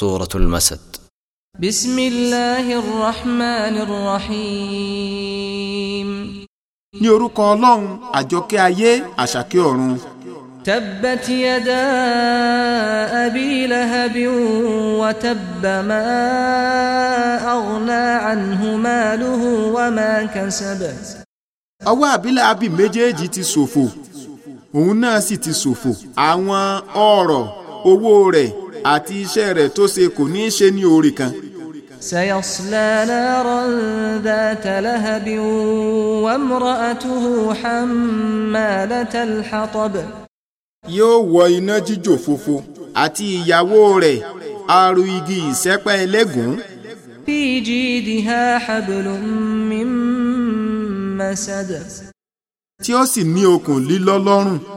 سورة المسد بسم الله الرحمن الرحيم ní orúkọ ọlọ́run àjọkẹ́ ayé àṣàkẹ́ ọ̀run. تبت يدا أبي لهب وتب ما أغنى عنه ماله وما كسب. ọwọ́ àbílẹ̀ abì méjèèjì ti ṣòfò òun náà sì ti ṣòfò àwọn ọrọ̀ owó rẹ̀ àti iṣẹ́ rẹ̀ tó ṣe kò ní í ṣe ní oore kan. سيصلى نارا ذات لهب وامرأته حمالة الحطب yóò wọ iná jíjò fòfò àti ìyàwó rẹ̀ aru igi ìsẹ́pẹ́ ẹlẹ́gùn. في جيدها حبل من مسد. tí ó sì ní okùn lílọ́ lọ́rùn.